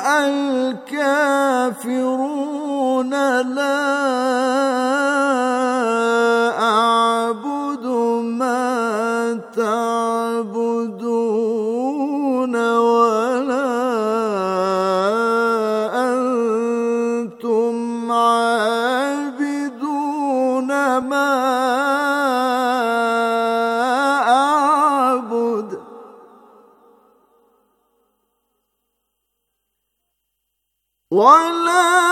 الكافرون لا ولا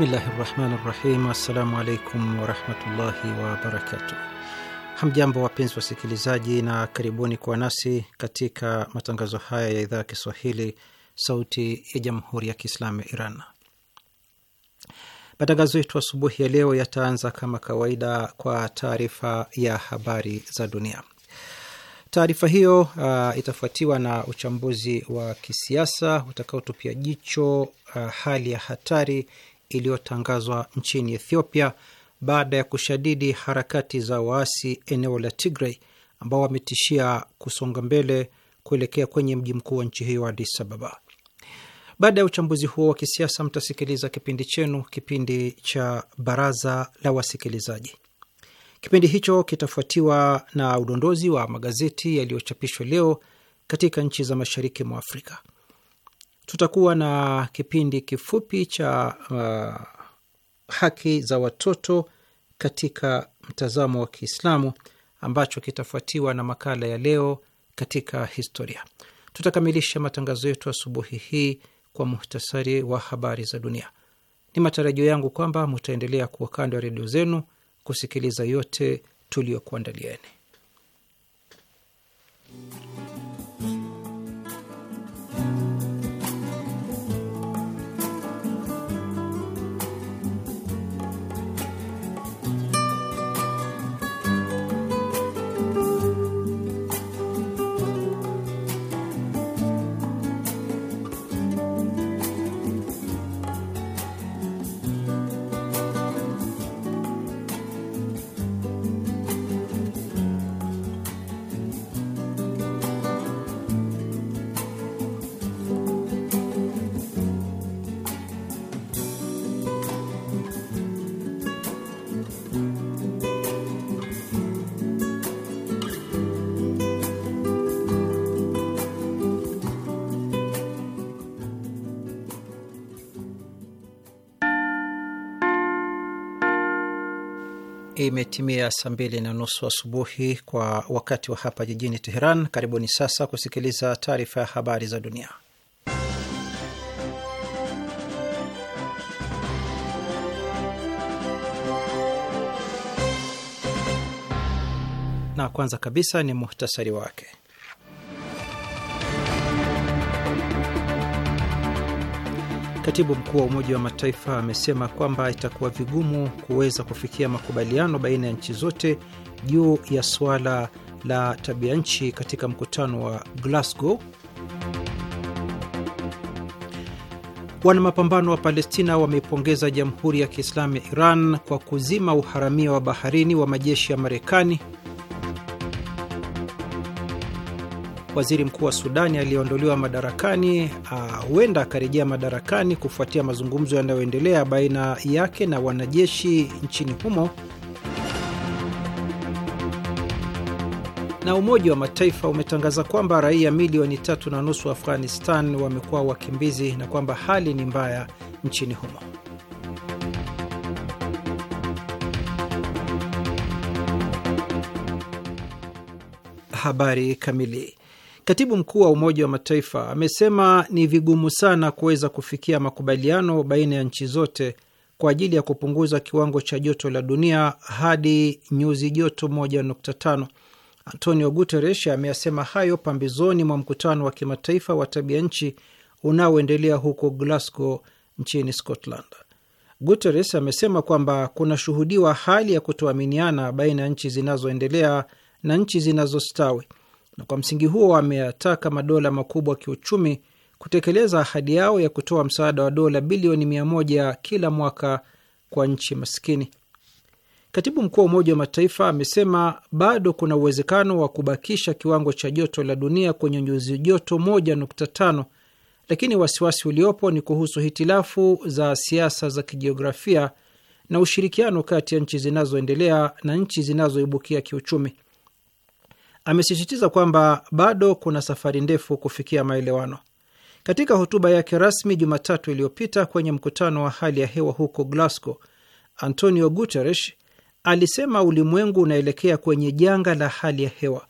Bismillahi rahmani rahim. Assalamu alaikum warahmatullahi wabarakatuh. Hamjambo wapenzi wasikilizaji, na karibuni kuwa nasi katika matangazo haya ya idhaa ya Kiswahili sauti ya jamhuri ya Kiislamu ya Iran. Matangazo yetu asubuhi ya leo yataanza kama kawaida kwa taarifa ya habari za dunia. Taarifa hiyo uh, itafuatiwa na uchambuzi wa kisiasa utakaotupia jicho uh, hali ya hatari iliyotangazwa nchini Ethiopia baada ya kushadidi harakati za waasi eneo la Tigray ambao wametishia kusonga mbele kuelekea kwenye mji mkuu wa nchi hiyo Addis Ababa. Baada ya uchambuzi huo wa kisiasa, mtasikiliza kipindi chenu, kipindi cha Baraza la Wasikilizaji. Kipindi hicho kitafuatiwa na udondozi wa magazeti yaliyochapishwa leo katika nchi za mashariki mwa Afrika tutakuwa na kipindi kifupi cha uh, haki za watoto katika mtazamo wa Kiislamu ambacho kitafuatiwa na makala ya leo katika historia. Tutakamilisha matangazo yetu asubuhi hii kwa muhtasari wa habari za dunia. Ni matarajio yangu kwamba mutaendelea kuwa kando ya redio zenu kusikiliza yote tuliyokuandalieni. Imetimia saa mbili na nusu asubuhi kwa wakati wa hapa jijini Teheran. Karibuni sasa kusikiliza taarifa ya habari za dunia, na kwanza kabisa ni muhtasari wake. Katibu mkuu wa Umoja wa Mataifa amesema kwamba itakuwa vigumu kuweza kufikia makubaliano baina ya nchi zote juu ya suala la tabia nchi katika mkutano wa Glasgow. Wanamapambano wa Palestina wameipongeza Jamhuri ya Kiislamu ya Iran kwa kuzima uharamia wa baharini wa majeshi ya Marekani. waziri mkuu wa Sudani aliyeondolewa madarakani ah, huenda akarejea madarakani kufuatia mazungumzo yanayoendelea baina yake na wanajeshi nchini humo. Na Umoja wa Mataifa umetangaza kwamba raia milioni tatu na nusu wa Afghanistan wamekuwa wakimbizi na kwamba hali ni mbaya nchini humo. Habari kamili. Katibu mkuu wa Umoja wa Mataifa amesema ni vigumu sana kuweza kufikia makubaliano baina ya nchi zote kwa ajili ya kupunguza kiwango cha joto la dunia hadi nyuzi joto 1.5. Antonio Guterres ameyasema hayo pambizoni mwa mkutano wa kimataifa wa tabia nchi unaoendelea huko Glasgow nchini Scotland. Guterres amesema kwamba kunashuhudiwa hali ya kutoaminiana baina ya nchi zinazoendelea na nchi zinazostawi na kwa msingi huo ameyataka madola makubwa kiuchumi kutekeleza ahadi yao ya kutoa msaada wa dola bilioni mia moja kila mwaka kwa nchi maskini. Katibu mkuu wa Umoja wa Mataifa amesema bado kuna uwezekano wa kubakisha kiwango cha joto la dunia kwenye nyuzi joto 15 lakini wasiwasi uliopo ni kuhusu hitilafu za siasa za kijiografia na ushirikiano kati ya nchi zinazoendelea na nchi zinazoibukia kiuchumi amesisitiza kwamba bado kuna safari ndefu kufikia maelewano. Katika hotuba yake rasmi Jumatatu iliyopita kwenye mkutano wa hali ya hewa huko Glasgow, Antonio Guterres alisema ulimwengu unaelekea kwenye janga la hali ya hewa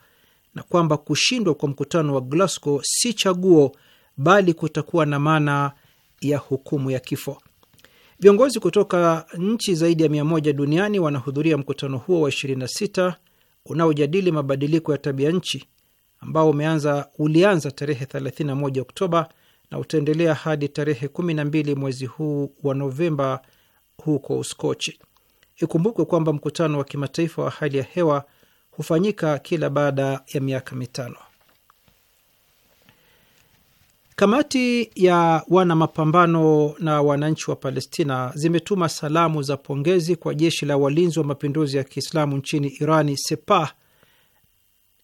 na kwamba kushindwa kwa mkutano wa Glasgow si chaguo, bali kutakuwa na maana ya hukumu ya kifo. Viongozi kutoka nchi zaidi ya mia moja duniani wanahudhuria mkutano huo wa 26 unaojadili mabadiliko ya tabia nchi ambao umeanza, ulianza tarehe 31 Oktoba na utaendelea hadi tarehe 12 mwezi huu wa Novemba huko Uskochi. Ikumbukwe kwamba mkutano wa kimataifa wa hali ya hewa hufanyika kila baada ya miaka mitano. Kamati ya wana mapambano na wananchi wa Palestina zimetuma salamu za pongezi kwa jeshi la walinzi wa mapinduzi ya Kiislamu nchini Irani, Sepah,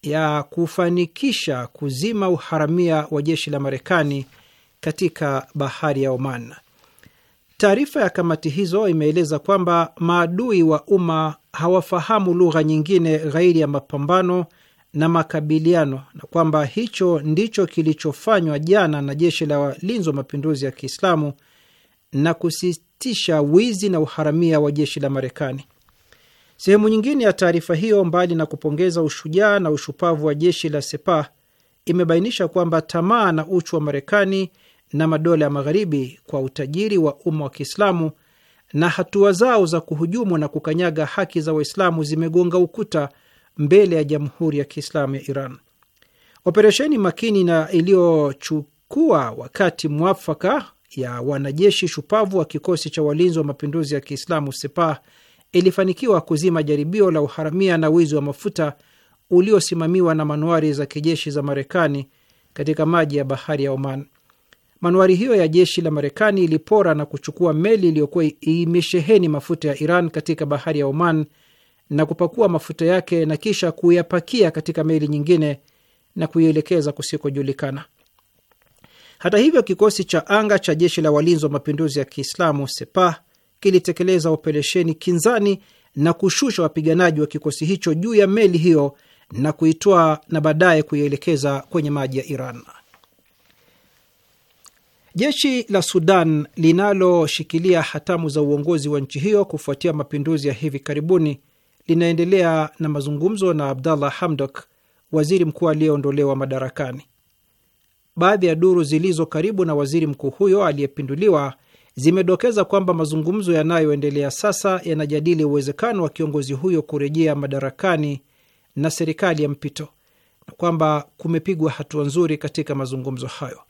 ya kufanikisha kuzima uharamia wa jeshi la Marekani katika bahari ya Oman. Taarifa ya kamati hizo imeeleza kwamba maadui wa umma hawafahamu lugha nyingine ghairi ya mapambano na makabiliano na kwamba hicho ndicho kilichofanywa jana na jeshi la walinzi wa mapinduzi ya Kiislamu na kusitisha wizi na uharamia wa jeshi la Marekani. Sehemu nyingine ya taarifa hiyo, mbali na kupongeza ushujaa na ushupavu wa jeshi la Sepa, imebainisha kwamba tamaa na uchu wa Marekani na madola ya Magharibi kwa utajiri wa umma wa Kiislamu na hatua zao za kuhujumu na kukanyaga haki za Waislamu zimegonga ukuta mbele ya Jamhuri ya Kiislamu ya Iran. Operesheni makini na iliyochukua wakati mwafaka ya wanajeshi shupavu wa kikosi cha walinzi wa mapinduzi ya Kiislamu Sepah ilifanikiwa kuzima jaribio la uharamia na wizi wa mafuta uliosimamiwa na manuari za kijeshi za Marekani katika maji ya bahari ya Oman. Manuari hiyo ya jeshi la Marekani ilipora na kuchukua meli iliyokuwa imesheheni mafuta ya Iran katika bahari ya Oman na kupakua mafuta yake na kisha kuyapakia katika meli nyingine na kuielekeza kusikojulikana. Hata hivyo, kikosi cha anga cha jeshi la walinzi wa mapinduzi ya Kiislamu Sepah kilitekeleza operesheni kinzani na kushusha wapiganaji wa kikosi hicho juu ya meli hiyo na kuitoa na baadaye kuielekeza kwenye maji ya Iran. Jeshi la Sudan linaloshikilia hatamu za uongozi wa nchi hiyo kufuatia mapinduzi ya hivi karibuni linaendelea na mazungumzo na Abdallah Hamdok, waziri mkuu aliyeondolewa madarakani. Baadhi ya duru zilizo karibu na waziri mkuu huyo aliyepinduliwa zimedokeza kwamba mazungumzo yanayoendelea sasa yanajadili uwezekano wa kiongozi huyo kurejea madarakani na serikali ya mpito na kwamba kumepigwa hatua nzuri katika mazungumzo hayo.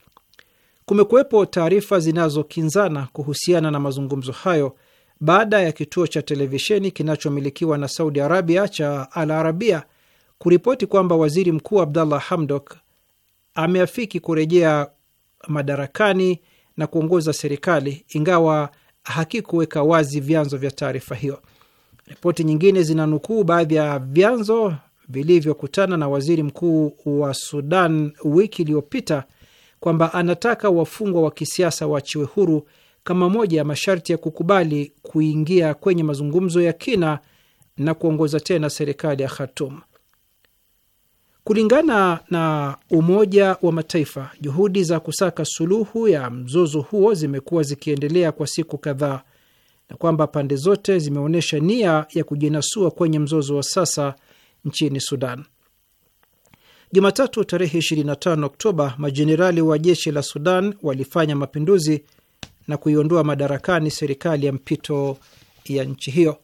Kumekuwepo taarifa zinazokinzana kuhusiana na mazungumzo hayo baada ya kituo cha televisheni kinachomilikiwa na Saudi Arabia cha Al Arabia kuripoti kwamba waziri mkuu Abdallah Hamdok ameafiki kurejea madarakani na kuongoza serikali, ingawa hakikuweka wazi vyanzo vya taarifa hiyo. Ripoti nyingine zinanukuu baadhi ya vyanzo vilivyokutana na waziri mkuu wa Sudan wiki iliyopita kwamba anataka wafungwa wa kisiasa waachiwe huru kama moja ya masharti ya kukubali kuingia kwenye mazungumzo ya kina na kuongoza tena serikali ya Khartoum. Kulingana na Umoja wa Mataifa, juhudi za kusaka suluhu ya mzozo huo zimekuwa zikiendelea kwa siku kadhaa na kwamba pande zote zimeonyesha nia ya kujinasua kwenye mzozo wa sasa nchini Sudan. Jumatatu tarehe 25 Oktoba, majenerali wa jeshi la Sudan walifanya mapinduzi na kuiondoa madarakani serikali ya mpito ya nchi hiyo.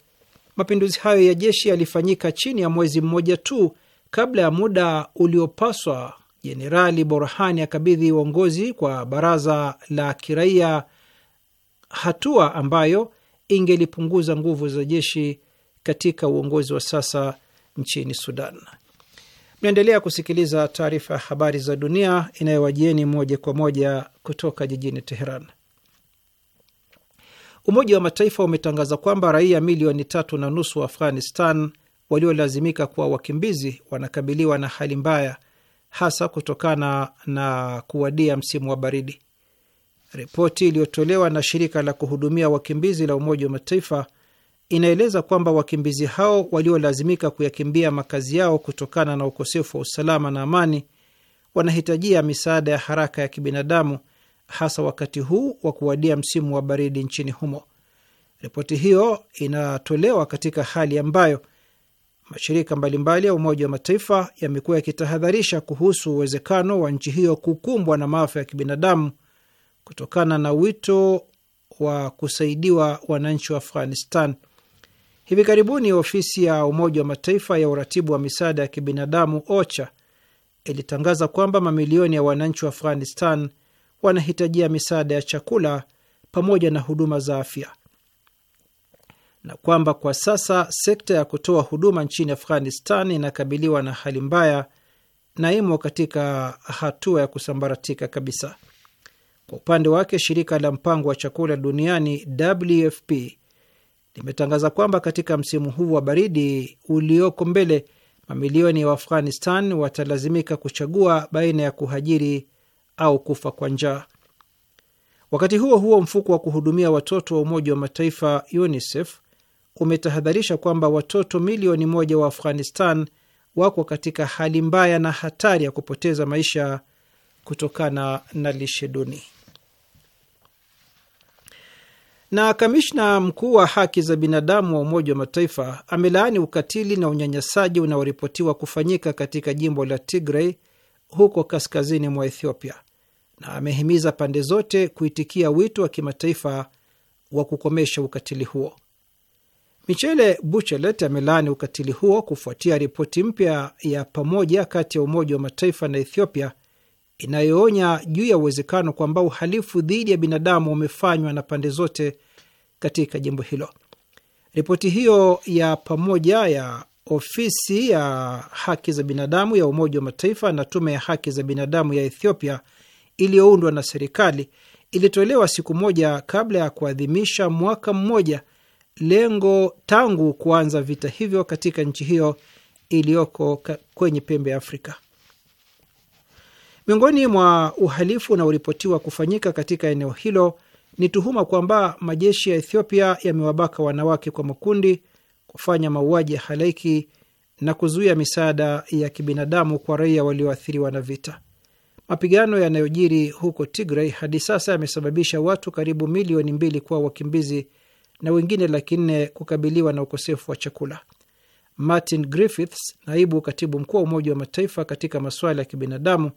Mapinduzi hayo ya jeshi yalifanyika chini ya mwezi mmoja tu kabla ya muda uliopaswa Jenerali Borhani akabidhi uongozi kwa baraza la kiraia, hatua ambayo ingelipunguza nguvu za jeshi katika uongozi wa sasa nchini Sudan. Mnaendelea kusikiliza taarifa ya habari za dunia inayowajieni moja kwa moja kutoka jijini Teheran. Umoja wa Mataifa umetangaza kwamba raia milioni tatu na nusu wa Afghanistan waliolazimika kuwa wakimbizi wanakabiliwa na hali mbaya, hasa kutokana na kuwadia msimu wa baridi. Ripoti iliyotolewa na shirika la kuhudumia wakimbizi la Umoja wa Mataifa inaeleza kwamba wakimbizi hao waliolazimika kuyakimbia makazi yao kutokana na ukosefu wa usalama na amani wanahitajia misaada ya haraka ya kibinadamu hasa wakati huu wa kuwadia msimu wa baridi nchini humo. Ripoti hiyo inatolewa katika hali ambayo mashirika mbalimbali ya Umoja wa Mataifa yamekuwa yakitahadharisha kuhusu uwezekano wa nchi hiyo kukumbwa na maafa ya kibinadamu kutokana na wito wa kusaidiwa wananchi wa Afghanistan. Hivi karibuni ofisi ya Umoja wa Mataifa ya uratibu wa misaada ya kibinadamu OCHA ilitangaza kwamba mamilioni ya wananchi wa Afghanistan wanahitajia misaada ya chakula pamoja na huduma za afya, na kwamba kwa sasa sekta ya kutoa huduma nchini Afghanistan inakabiliwa na hali mbaya na imo katika hatua ya kusambaratika kabisa. Kwa upande wake, shirika la mpango wa chakula duniani WFP limetangaza kwamba katika msimu huu wa baridi ulioko mbele, mamilioni ya Waafghanistan watalazimika kuchagua baina ya kuhajiri au kufa kwa njaa. Wakati huo huo, mfuko wa kuhudumia watoto wa Umoja wa Mataifa UNICEF umetahadharisha kwamba watoto milioni moja wa Afghanistan wako katika hali mbaya na hatari ya kupoteza maisha kutokana na lishe duni. Na kamishna mkuu wa haki za binadamu wa Umoja wa Mataifa amelaani ukatili na unyanyasaji unaoripotiwa kufanyika katika jimbo la Tigray huko kaskazini mwa Ethiopia na amehimiza pande zote kuitikia wito wa kimataifa wa kukomesha ukatili huo. Michele Buchelet amelaani ukatili huo kufuatia ripoti mpya ya pamoja kati ya Umoja wa Mataifa na Ethiopia inayoonya juu ya uwezekano kwamba uhalifu dhidi ya binadamu umefanywa na pande zote katika jimbo hilo. Ripoti hiyo ya pamoja ya ofisi ya haki za binadamu ya Umoja wa Mataifa na tume ya haki za binadamu ya Ethiopia iliyoundwa na serikali ilitolewa siku moja kabla ya kuadhimisha mwaka mmoja lengo tangu kuanza vita hivyo katika nchi hiyo iliyoko kwenye pembe ya Afrika. Miongoni mwa uhalifu unaoripotiwa kufanyika katika eneo hilo ni tuhuma kwamba majeshi ya Ethiopia yamewabaka wanawake kwa makundi, kufanya mauaji ya halaiki na kuzuia misaada ya kibinadamu kwa raia walioathiriwa na vita. Mapigano yanayojiri huko Tigray hadi sasa yamesababisha watu karibu milioni mbili kuwa wakimbizi na wengine laki nne kukabiliwa na ukosefu wa chakula. Martin Griffiths, naibu katibu mkuu wa Umoja wa Mataifa katika masuala ya kibinadamu,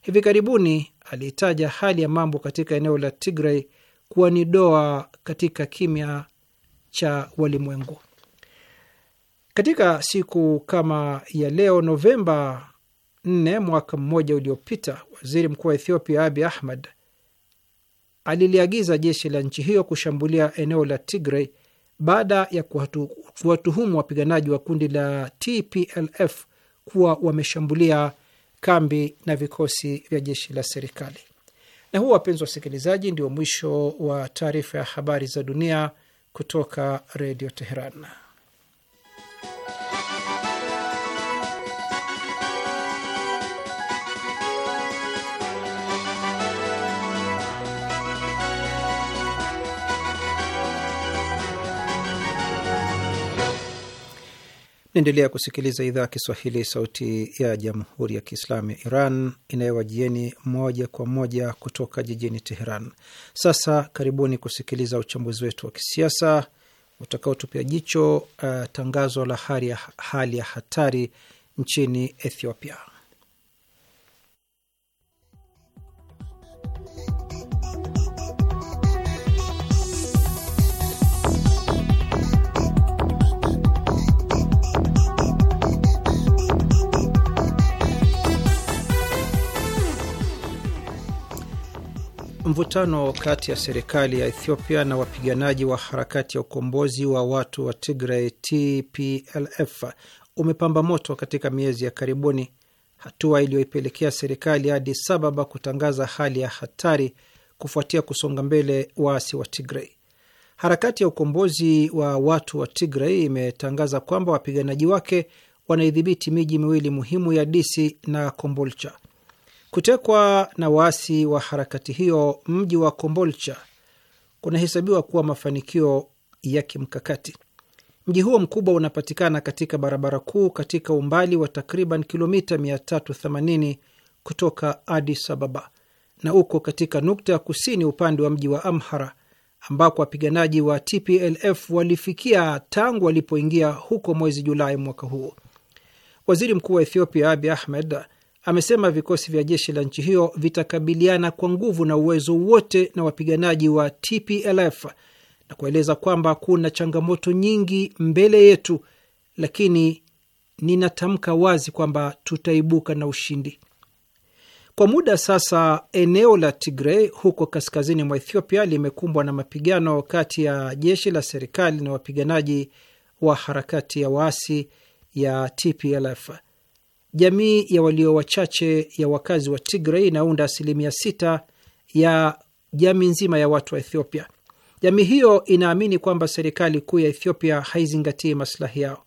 hivi karibuni aliitaja hali ya mambo katika eneo la Tigray kuwa ni doa katika kimya cha walimwengu. Katika siku kama ya leo Novemba nne mwaka mmoja uliopita, waziri mkuu wa Ethiopia Abi Ahmed aliliagiza jeshi la nchi hiyo kushambulia eneo la Tigray baada ya kuwatuhumu wapiganaji wa kundi la TPLF kuwa wameshambulia kambi na vikosi vya jeshi la serikali. Na huu, wapenzi wasikilizaji, ndio mwisho wa taarifa ya habari za dunia kutoka Redio Teheran. Naendelea kusikiliza idhaa ya Kiswahili, sauti ya jamhuri ya kiislamu ya Iran inayowajieni moja kwa moja kutoka jijini Teheran. Sasa karibuni kusikiliza uchambuzi wetu wa kisiasa utakaotupia jicho uh, tangazo la hali ya hatari nchini Ethiopia. Mvutano kati ya serikali ya Ethiopia na wapiganaji wa harakati ya ukombozi wa watu wa Tigray TPLF umepamba moto katika miezi ya karibuni, hatua iliyoipelekea serikali ya Addis Ababa kutangaza hali ya hatari kufuatia kusonga mbele waasi wa Tigray. Harakati ya ukombozi wa watu wa Tigray imetangaza kwamba wapiganaji wake wanaidhibiti miji miwili muhimu ya Disi na Kombolcha Kutekwa na waasi wa harakati hiyo mji wa Kombolcha kunahesabiwa kuwa mafanikio ya kimkakati. Mji huo mkubwa unapatikana katika barabara kuu katika umbali wa takriban kilomita 380 kutoka Adis Ababa na uko katika nukta ya kusini upande wa mji wa Amhara ambako wapiganaji wa TPLF walifikia tangu walipoingia huko mwezi Julai mwaka huo. Waziri Mkuu wa Ethiopia Abiy Ahmed amesema vikosi vya jeshi la nchi hiyo vitakabiliana kwa nguvu na uwezo wote na wapiganaji wa TPLF na kueleza kwamba kuna changamoto nyingi mbele yetu, lakini ninatamka wazi kwamba tutaibuka na ushindi. Kwa muda sasa, eneo la Tigray huko kaskazini mwa Ethiopia limekumbwa na mapigano kati ya jeshi la serikali na wapiganaji wa harakati ya waasi ya TPLF jamii ya walio wachache ya wakazi wa Tigray inaunda asilimia sita ya jamii nzima ya watu wa Ethiopia. Jamii hiyo inaamini kwamba serikali kuu ya Ethiopia haizingatii maslahi yao.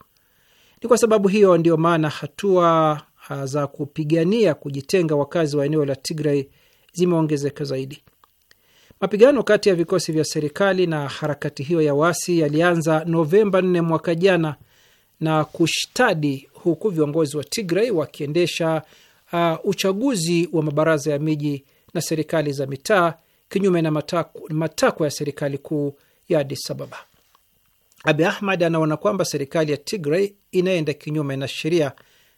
Ni kwa sababu hiyo ndiyo maana hatua ah, za kupigania kujitenga wakazi wa eneo la Tigray zimeongezeka zaidi. Mapigano kati ya vikosi vya serikali na harakati hiyo ya waasi yalianza Novemba 4 mwaka jana na kushtadi huku viongozi wa Tigray wakiendesha uh, uchaguzi wa mabaraza ya miji na serikali za mitaa kinyume na matakwa ya serikali kuu ya Addis Ababa. Abi Ahmad anaona kwamba serikali ya Tigray inaenda kinyume na sheria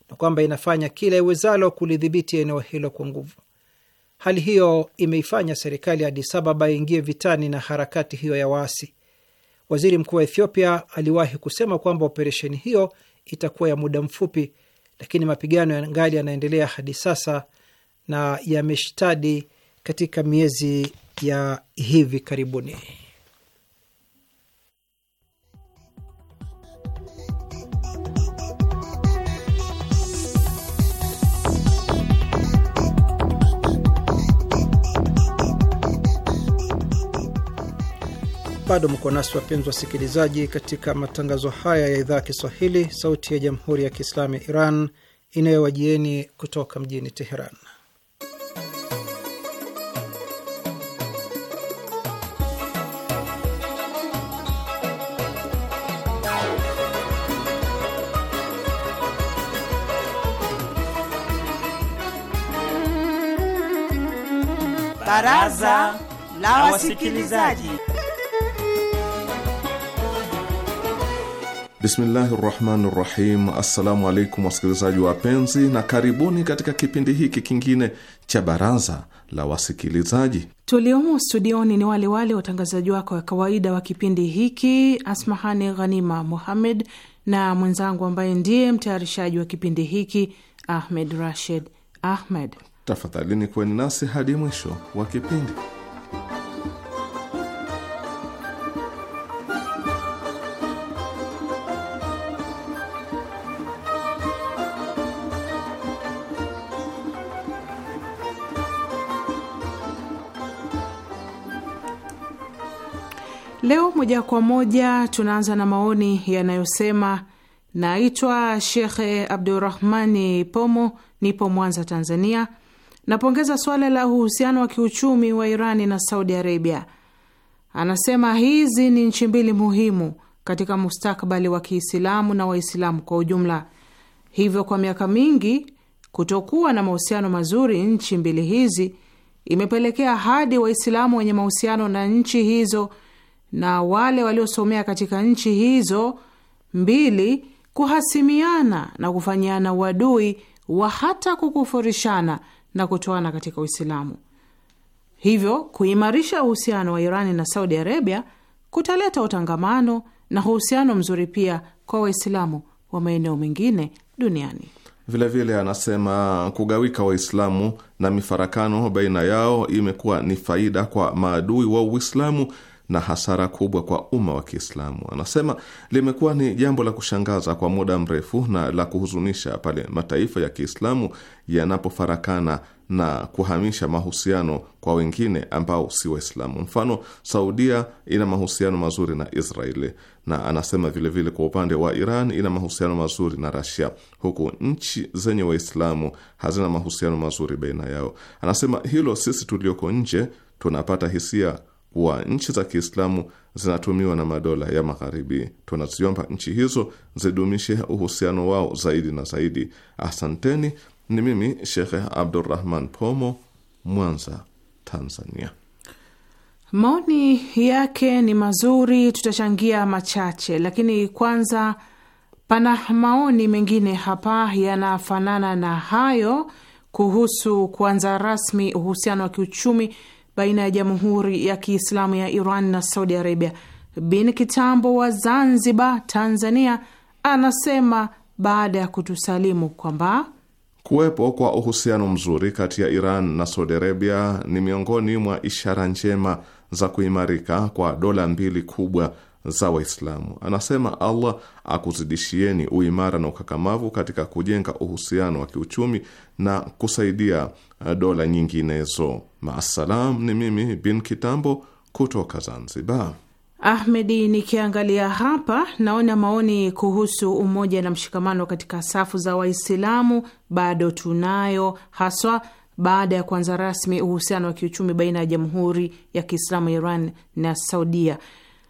na kwamba inafanya kila iwezalo kulidhibiti eneo hilo kwa nguvu. Hali hiyo imeifanya serikali ya Addis Ababa ingie vitani na harakati hiyo ya waasi. Waziri mkuu wa Ethiopia aliwahi kusema kwamba operesheni hiyo itakuwa ya muda mfupi, lakini mapigano ya ngali yanaendelea hadi sasa na yameshtadi katika miezi ya hivi karibuni. Bado mko nasi wapenzi wasikilizaji, katika matangazo haya ya idhaa ya Kiswahili, sauti ya jamhuri ya kiislamu ya Iran inayowajieni kutoka mjini Teheran. Baraza la Wasikilizaji. Bismillahi rahmani rahim. Assalamu alaikum wasikilizaji wapenzi, na karibuni katika kipindi hiki kingine cha baraza la wasikilizaji. Tuliomo studioni ni wale wale watangazaji wako wa kawaida wa kipindi hiki, Asmahani Ghanima Muhammed na mwenzangu ambaye ndiye mtayarishaji wa kipindi hiki, Ahmed Rashid Ahmed. Tafadhalini kuweni nasi hadi mwisho wa kipindi. moja kwa moja tunaanza na maoni yanayosema naitwa Shekhe Abdurahmani Pomo, nipo Mwanza, Tanzania. Napongeza swala la uhusiano wa kiuchumi wa Irani na Saudi Arabia. Anasema hizi ni nchi mbili muhimu katika mustakbali wa Kiislamu na Waislamu kwa ujumla. Hivyo, kwa miaka mingi kutokuwa na mahusiano mazuri nchi mbili hizi imepelekea hadi Waislamu wenye mahusiano na nchi hizo na wale waliosomea katika nchi hizo mbili kuhasimiana na kufanyiana uadui wa hata kukufurishana na kutoana katika Uislamu. Hivyo kuimarisha uhusiano wa Irani na Saudi Arabia kutaleta utangamano na uhusiano mzuri pia kwa Waislamu wa maeneo mengine duniani. Vilevile vile, anasema kugawika Waislamu na mifarakano baina yao imekuwa ni faida kwa maadui wa Uislamu na hasara kubwa kwa umma wa Kiislamu. Anasema limekuwa ni jambo la kushangaza kwa muda mrefu na la kuhuzunisha pale mataifa ya Kiislamu yanapofarakana na kuhamisha mahusiano kwa wengine ambao si Waislamu. Mfano, Saudia ina mahusiano mazuri na Israeli, na anasema vilevile vile kwa upande wa Iran ina mahusiano mazuri na Rasia, huku nchi zenye Waislamu hazina mahusiano mazuri baina yao. Anasema hilo sisi tulioko nje tunapata hisia kuwa nchi za Kiislamu zinatumiwa na madola ya Magharibi. Tunaziomba nchi hizo zidumishe uhusiano wao zaidi na zaidi. Asanteni. Ni mimi Shekhe Abdurrahman Pomo, Mwanza, Tanzania. Maoni yake ni mazuri, tutachangia machache, lakini kwanza, pana maoni mengine hapa yanafanana na hayo kuhusu kuanza rasmi uhusiano wa kiuchumi baina ya Jamhuri ya Kiislamu ya Iran na Saudi Arabia. Bin Kitambo wa Zanzibar, Tanzania, anasema baada ya kutusalimu kwamba kuwepo kwa uhusiano mzuri kati ya Iran na Saudi Arabia ni miongoni mwa ishara njema za kuimarika kwa dola mbili kubwa za Waislamu. Anasema Allah akuzidishieni uimara na ukakamavu katika kujenga uhusiano wa kiuchumi na kusaidia eh, dola nyinginezo. Maassalam, ni mimi bin Kitambo kutoka Zanzibar. Ahmedi, nikiangalia hapa naona maoni kuhusu umoja na mshikamano katika safu za Waislamu bado tunayo, haswa baada ya kuanza rasmi uhusiano wa kiuchumi baina ya Jamhuri ya Kiislamu Iran na Saudia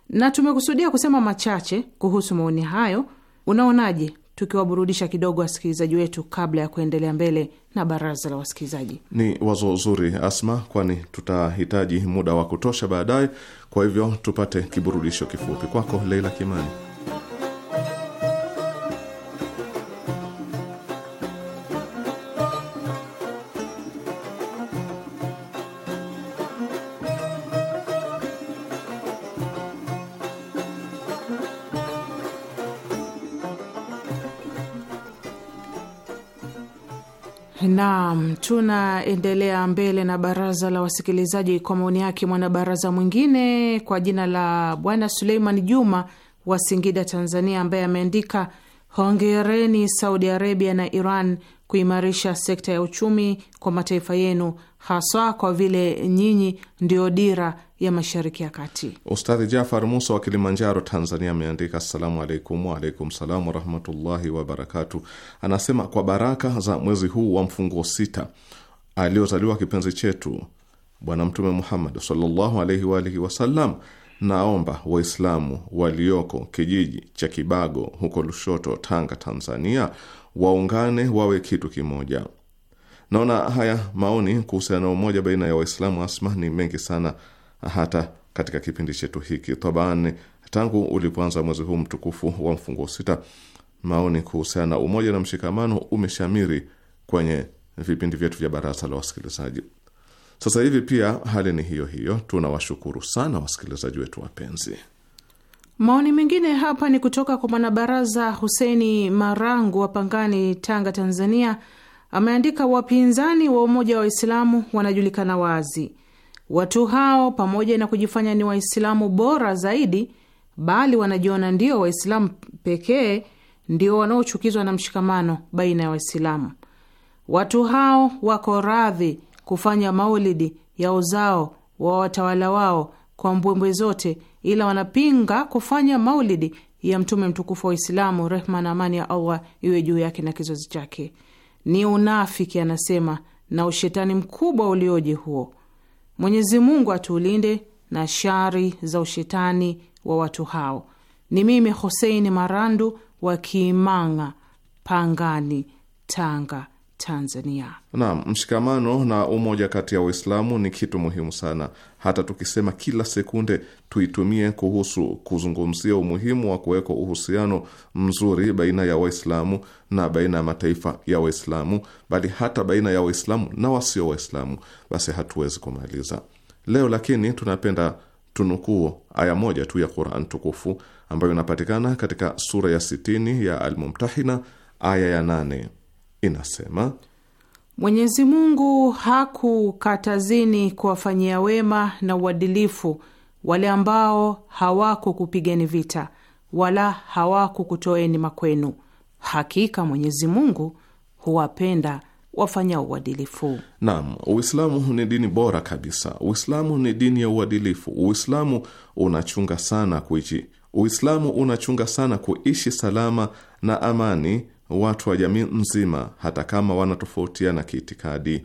na tumekusudia kusema machache kuhusu maoni hayo. Unaonaje tukiwaburudisha kidogo wasikilizaji wetu kabla ya kuendelea mbele na baraza la wasikilizaji? Ni wazo zuri, Asma, kwani tutahitaji muda wa kutosha baadaye. Kwa hivyo tupate kiburudisho kifupi. Kwako Leila Kimani. Naam, tunaendelea mbele na baraza la wasikilizaji kwa maoni yake mwanabaraza mwingine kwa jina la Bwana Suleiman Juma wa Singida, Tanzania, ambaye ameandika hongereni Saudi Arabia na Iran kuimarisha sekta ya uchumi kwa mataifa yenu, haswa kwa vile nyinyi ndio dira ya Mashariki ya Kati. Ustadhi Jafar Musa wa Kilimanjaro, Tanzania, ameandika assalamu alaikum. Waalaikum salam warahmatullahi wabarakatu. Anasema kwa baraka za mwezi huu wa mfungo sita aliozaliwa kipenzi chetu Bwana Mtume Muhammad sallallahu alaihi wa alihi wasallam, naomba Waislamu walioko kijiji cha Kibago huko Lushoto, Tanga, Tanzania, waungane wawe kitu kimoja. Naona haya maoni kuhusiana na umoja baina ya Waislamu asma ni mengi sana hata katika kipindi chetu hiki Taban, tangu ulipoanza mwezi huu mtukufu wa mfungo sita, maoni kuhusiana na umoja na mshikamano umeshamiri kwenye vipindi vyetu vya baraza la wasikilizaji. Sasa hivi pia hali ni hiyo hiyo. Tunawashukuru sana wasikilizaji wetu wapenzi. Maoni mengine hapa ni kutoka kwa mwanabaraza Huseni Marangu wa Pangani, Tanga, Tanzania. Ameandika, wapinzani wa umoja wa Waislamu wanajulikana wazi Watu hao pamoja na kujifanya ni Waislamu bora zaidi, bali wanajiona ndio Waislamu pekee ndio wanaochukizwa na mshikamano baina ya Waislamu. Watu hao wako radhi kufanya maulidi ya uzao wa watawala wao kwa mbwembwe zote, ila wanapinga kufanya maulidi ya mtume mtukufu wa Uislamu, rehma na amani ya Allah iwe juu yake na kizazi chake. Ni unafiki, anasema, na ushetani mkubwa ulioje huo. Mwenyezi Mungu atulinde na shari za ushetani wa watu hao. Ni mimi hoseini Marandu wa Kimanga, Pangani, Tanga. Tanzania. Naam, mshikamano na umoja kati ya Waislamu ni kitu muhimu sana. Hata tukisema kila sekunde tuitumie kuhusu kuzungumzia umuhimu wa kuwekwa uhusiano mzuri baina ya Waislamu na baina ya mataifa ya Waislamu, bali hata baina ya Waislamu na wasio Waislamu, basi hatuwezi kumaliza leo. Lakini tunapenda tunukuu aya moja tu ya Quran tukufu ambayo inapatikana katika sura ya sitini ya Almumtahina aya ya nane inasema Mwenyezi Mungu hakukatazini kuwafanyia wema na uadilifu wale ambao hawakukupigeni vita wala hawakukutoeni makwenu. Hakika Mwenyezi Mungu huwapenda wafanya uadilifu. Naam, Uislamu ni dini bora kabisa. Uislamu ni dini ya uadilifu. Uislamu unachunga sana kuishi, Uislamu unachunga sana kuishi salama na amani watu wa jamii nzima, hata kama wanatofautiana kiitikadi.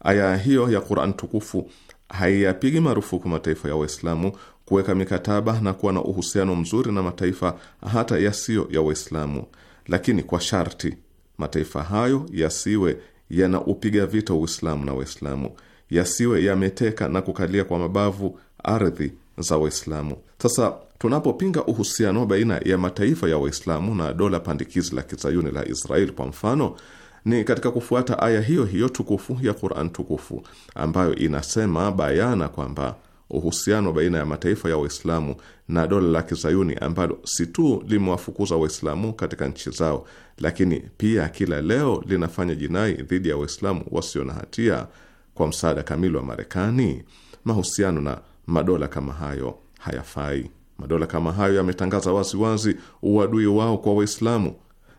Aya hiyo ya Qur'an tukufu haiyapigi marufuku mataifa ya Waislamu kuweka mikataba na kuwa na uhusiano mzuri na mataifa hata yasiyo ya Waislamu, lakini kwa sharti mataifa hayo yasiwe yanaupiga vita Uislamu na Waislamu, yasiwe yameteka na kukalia kwa mabavu ardhi za Waislamu. Sasa tunapopinga uhusiano baina ya mataifa ya Waislamu na dola pandikizi la kizayuni la Israeli kwa mfano ni katika kufuata aya hiyo hiyo tukufu ya Qur'an tukufu ambayo inasema bayana kwamba uhusiano baina ya mataifa ya Waislamu na dola la kizayuni ambalo si tu limewafukuza Waislamu katika nchi zao, lakini pia kila leo linafanya jinai dhidi ya Waislamu wasio na hatia kwa msaada kamili wa Marekani. Mahusiano na madola kama hayo hayafai. Madola kama hayo yametangaza waziwazi uadui wao kwa Waislamu,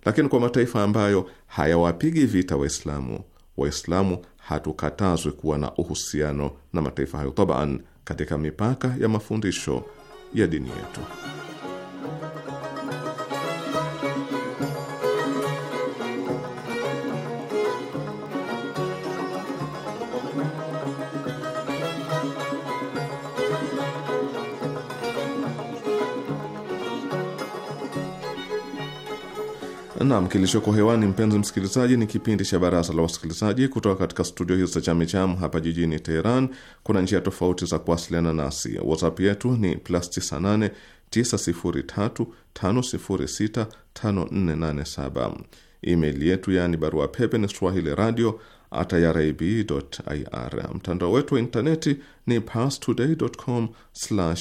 lakini kwa mataifa ambayo hayawapigi vita Waislamu, Waislamu hatukatazwi kuwa na uhusiano na mataifa hayo taban katika mipaka ya mafundisho ya dini yetu. Naam, kilichoko hewani mpenzi msikilizaji, ni kipindi cha Baraza la Wasikilizaji kutoka katika studio hizi za Chamichamu hapa jijini Teheran. Kuna njia tofauti za kuwasiliana nasi. WhatsApp yetu ni plus 98 903 Email yetu yaani barua pepe ni swahili radio at ir. Mtandao wetu wa intaneti ni pastodaycom sw.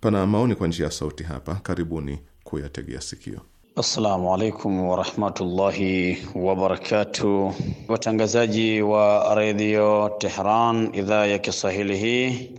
Pana maoni kwa njia ya sauti hapa, karibuni kuyategea sikio. Assalamu alaikum warahmatullahi wabarakatuh, watangazaji wa redio Tehran idhaa ya Kiswahili hii,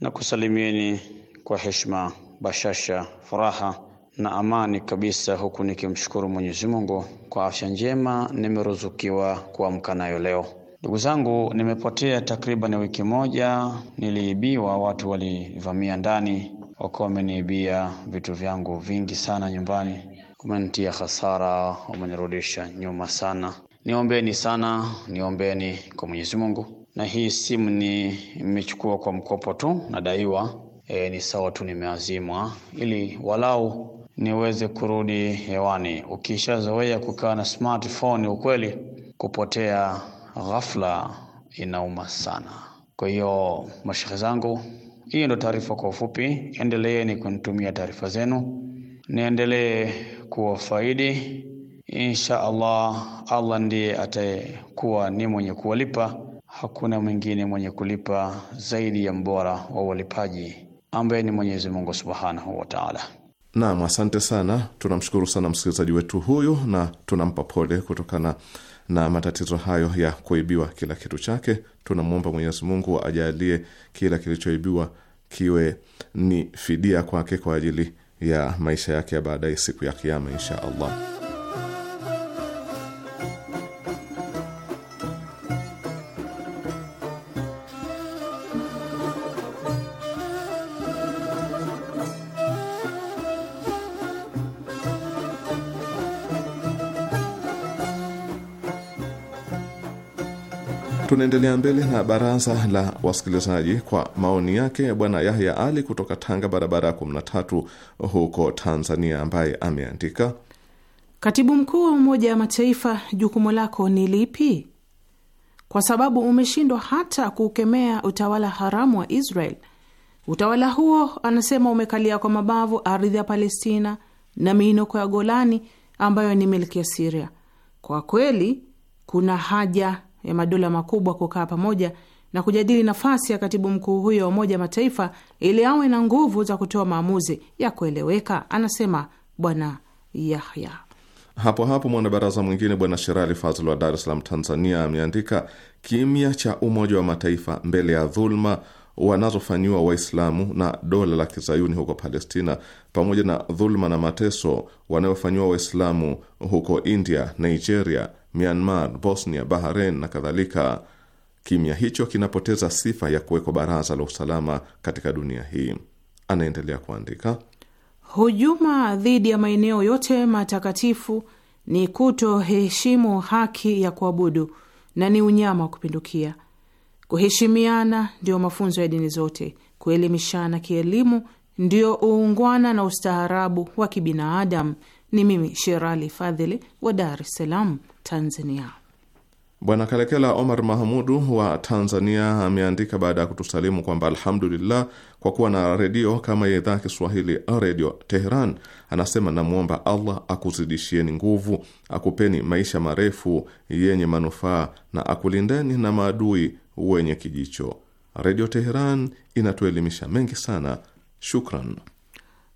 na kusalimieni kwa heshima, bashasha, furaha na amani kabisa, huku nikimshukuru Mwenyezi Mungu kwa afya njema nimeruzukiwa kuamka nayo leo. Ndugu zangu, nimepotea takriban wiki moja, niliibiwa, watu walivamia ndani Wakuwa wameniibia vitu vyangu vingi sana nyumbani, umenitia hasara, wamenirudisha nyuma sana. Niombeni sana, niombeni kwa Mwenyezi Mungu. Na hii simu ni imechukua kwa mkopo tu, nadaiwa e, ni sawa tu, nimeazimwa ili walau niweze kurudi hewani. Ukishazoea kukaa na smartphone, ukweli kupotea ghafla inauma sana. Kwa hiyo mashehe zangu hiyo ndo taarifa kwa ufupi. Endeleeni kunitumia taarifa zenu, niendelee kuwafaidi insha Allah. Allah ndiye atayekuwa ni mwenye kuwalipa, hakuna mwingine mwenye kulipa zaidi ya mbora wa walipaji ambaye ni Mwenyezi Mungu Subhanahu wa Ta'ala. Naam, asante sana. Tunamshukuru sana msikilizaji wetu huyu na tunampa pole kutokana na matatizo hayo ya kuibiwa kila kitu chake. Tunamwomba Mwenyezi Mungu ajalie kila kilichoibiwa kiwe ni fidia kwake kwa ajili ya maisha yake ya baadaye siku ya kiama insha Allah. Tunaendelea mbele na baraza la wasikilizaji kwa maoni yake Bwana Yahya Ali kutoka Tanga, barabara ya 13 huko Tanzania, ambaye ameandika: Katibu mkuu wa Umoja wa Mataifa, jukumu lako ni lipi? Kwa sababu umeshindwa hata kuukemea utawala haramu wa Israel. Utawala huo anasema umekalia kwa mabavu ardhi ya Palestina na miinuko ya Golani ambayo ni milki ya Siria. Kwa kweli kuna haja ya madola makubwa kukaa pamoja na kujadili nafasi ya katibu mkuu huyo wa Umoja Mataifa ili awe na nguvu za kutoa maamuzi ya kueleweka, anasema Bwana Yahya. Hapo hapo mwanabaraza mwingine Bwana Sherali Fazl wa Dar es Salaam, Tanzania, ameandika kimya cha Umoja wa Mataifa mbele ya dhuluma wanazofanyiwa Waislamu na dola la kizayuni huko Palestina, pamoja na dhuluma na mateso wanayofanyiwa Waislamu huko India, Nigeria, Myanmar, Bosnia, Bahrain na kadhalika, kimya hicho kinapoteza sifa ya kuwekwa baraza la usalama katika dunia hii. Anaendelea kuandika, hujuma dhidi ya maeneo yote matakatifu ni kutoheshimu haki ya kuabudu na ni unyama wa kupindukia. Kuheshimiana ndio mafunzo ya dini zote, kuelimishana kielimu ndio uungwana na ustaarabu wa kibinadamu. Ni mimi Sherali Fadhili wa Dar es Salaam, Tanzania. Bwana Kalekela Omar Mahmudu wa Tanzania ameandika baada ya kutusalimu kwamba alhamdulillah kwa kuwa na redio kama ya idhaa Kiswahili Redio Teheran. Anasema namwomba Allah akuzidishieni nguvu, akupeni maisha marefu yenye manufaa na akulindeni na maadui wenye kijicho. Redio Teheran inatuelimisha mengi sana. Shukran.